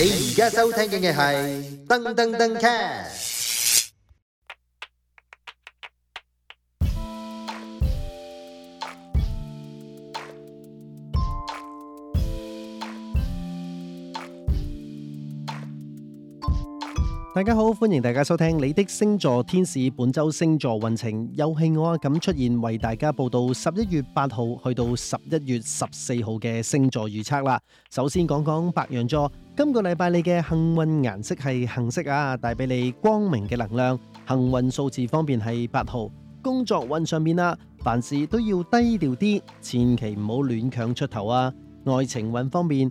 你而家收聽嘅係燈登登 Cash》登。登大家好，歡迎大家收聽你的星座天使本周星座運程。又係我阿感出現，為大家報道十一月八號去到十一月十四號嘅星座預測啦。首先講講白羊座，今個禮拜你嘅幸運顏色係杏色啊，帶俾你光明嘅能量。幸運數字方面係八號。工作運上面啊，凡事都要低調啲，千祈唔好亂強出頭啊。愛情運方面。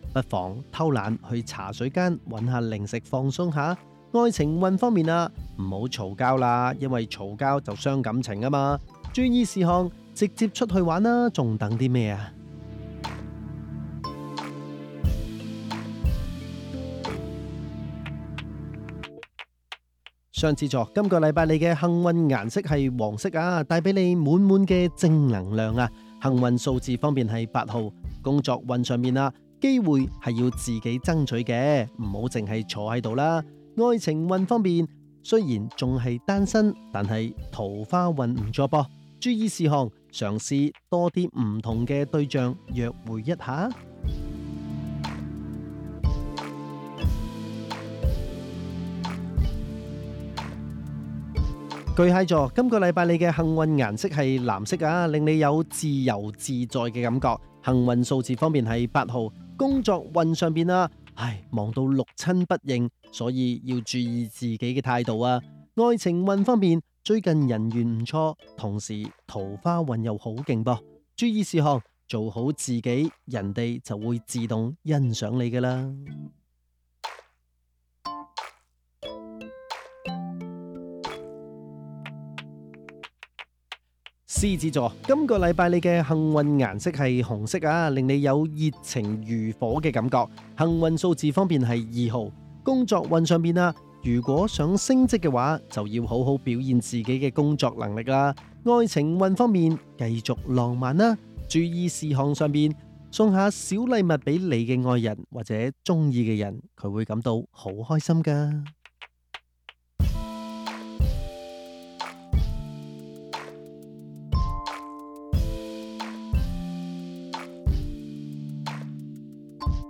不妨偷懶去茶水間揾下零食放鬆下。愛情運方面啊，唔好嘈交啦，因為嘈交就傷感情啊嘛。注意事項，直接出去玩啦，仲等啲咩啊？雙子座今個禮拜你嘅幸運顏色係黃色啊，帶俾你滿滿嘅正能量啊。幸運數字方面係八號，工作運上面啊。機會係要自己爭取嘅，唔好淨係坐喺度啦。愛情運方面，雖然仲係單身，但係桃花運唔錯噃。注意事項，嘗試多啲唔同嘅對象約會一下。巨蟹座，今個禮拜你嘅幸運顏色係藍色啊，令你有自由自在嘅感覺。幸運數字方面係八號。工作運上邊啊，唉，忙到六親不認，所以要注意自己嘅態度啊。愛情運方面，最近人緣唔錯，同時桃花運又好勁噃，注意事項，做好自己，人哋就會自動欣賞你㗎喇。獅子座，今個禮拜你嘅幸運顏色係紅色啊，令你有熱情如火嘅感覺。幸運數字方面係二號。工作運上面啊，如果想升職嘅話，就要好好表現自己嘅工作能力啦。愛情運方面，繼續浪漫啦，啊。注意事項上邊，送下小禮物俾你嘅愛人或者中意嘅人，佢會感到好開心噶。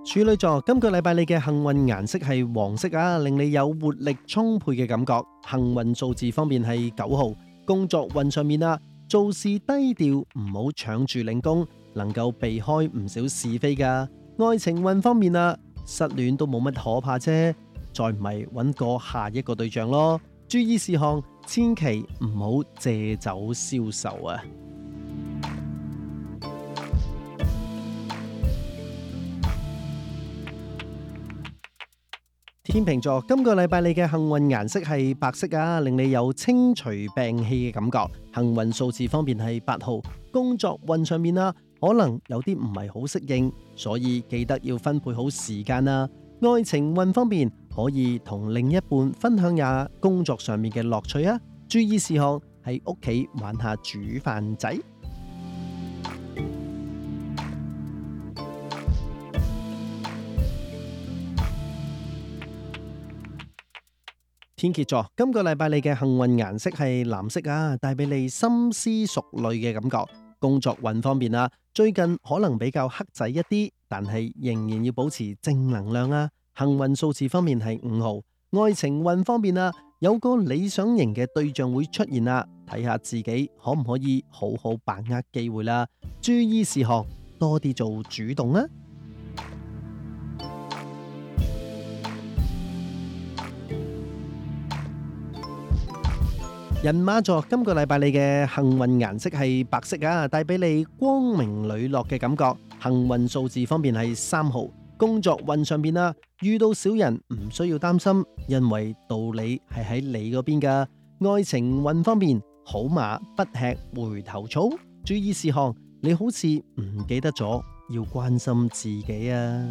處女座，今個禮拜你嘅幸運顏色係黃色啊，令你有活力充沛嘅感覺。幸運數字方面係九號。工作運上面啊，做事低調，唔好搶住領工，能夠避開唔少是非㗎。愛情運方面啊，失戀都冇乜可怕啫，再唔係搵個下一個對象咯。注意事項，千祈唔好借酒消愁啊！天秤座，今個禮拜你嘅幸運顏色係白色啊，令你有清除病氣嘅感覺。幸運數字方面係八號。工作運上面啊，可能有啲唔係好適應，所以記得要分配好時間啊。愛情運方面，可以同另一半分享下工作上面嘅樂趣啊。注意事項，喺屋企玩下煮飯仔。天蠍座，今個禮拜你嘅幸運顏色係藍色啊，帶俾你深思熟慮嘅感覺。工作運方面啊，最近可能比較黑仔一啲，但係仍然要保持正能量啊。幸運數字方面係五號，愛情運方面啊，有個理想型嘅對象會出現啊。睇下自己可唔可以好好把握機會啦啊。注意事項，多啲做主動啊。人馬座，今個禮拜你嘅幸運顏色係白色啊，帶俾你光明磊落嘅感覺。幸運數字方面係三號，工作運上邊啊，遇到小人唔需要擔心，因為道理係喺你嗰邊噶。愛情運方面，好馬不吃回頭草，注意事項，你好似唔記得咗要關心自己啊。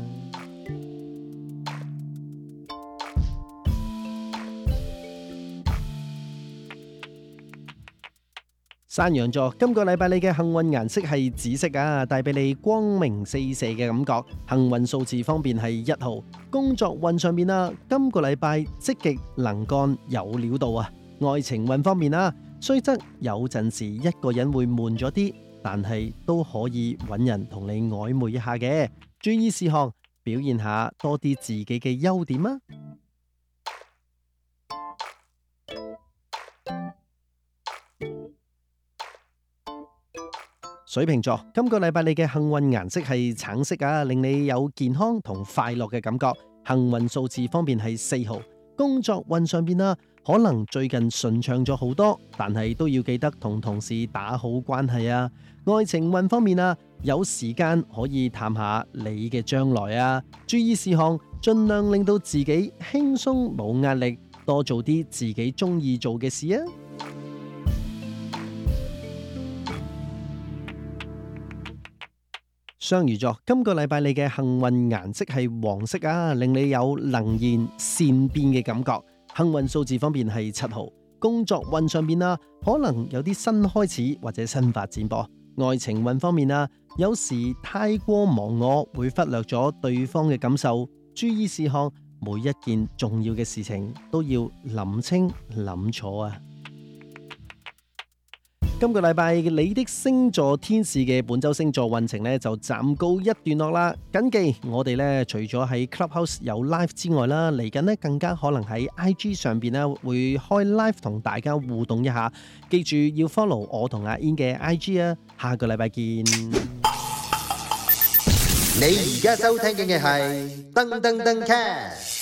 山羊座今個禮拜你嘅幸運顏色係紫色啊，帶俾你光明四射嘅感覺。幸運數字方面係一號。工作運上面啊，今個禮拜積極能幹有料到啊。愛情運方面啊，雖則有陣時一個人會悶咗啲，但係都可以揾人同你曖昧一下嘅。注意事項，表現下多啲自己嘅優點啊。水瓶座，今個禮拜你嘅幸運顏色係橙色啊，令你有健康同快樂嘅感覺。幸運數字方面係四號。工作運上面啊，可能最近順暢咗好多，但係都要記得同同事打好關係啊。愛情運方面啊，有時間可以探下你嘅將來啊。注意事項，盡量令到自己輕鬆，冇壓力，多做啲自己中意做嘅事啊。雙魚座，今個禮拜你嘅幸運顏色係黃色啊，令你有能言善辯嘅感覺。幸運數字方面係七號。工作運上邊啊，可能有啲新開始或者新發展噃。愛情運方面啊，有時太過忘我會忽略咗對方嘅感受，注意事項，每一件重要嘅事情都要諗清諗楚啊。今個禮拜你的星座天使嘅本周星座運程咧，就暫告一段落啦。謹記我哋咧，除咗喺 Clubhouse 有 live 之外啦，嚟緊咧，更加可能喺 IG 上邊咧，會開 live 同大家互動一下。記住要 follow 我同阿 In 嘅 IG 啊！下個禮拜見。你而家收聽緊嘅係登登登 cast。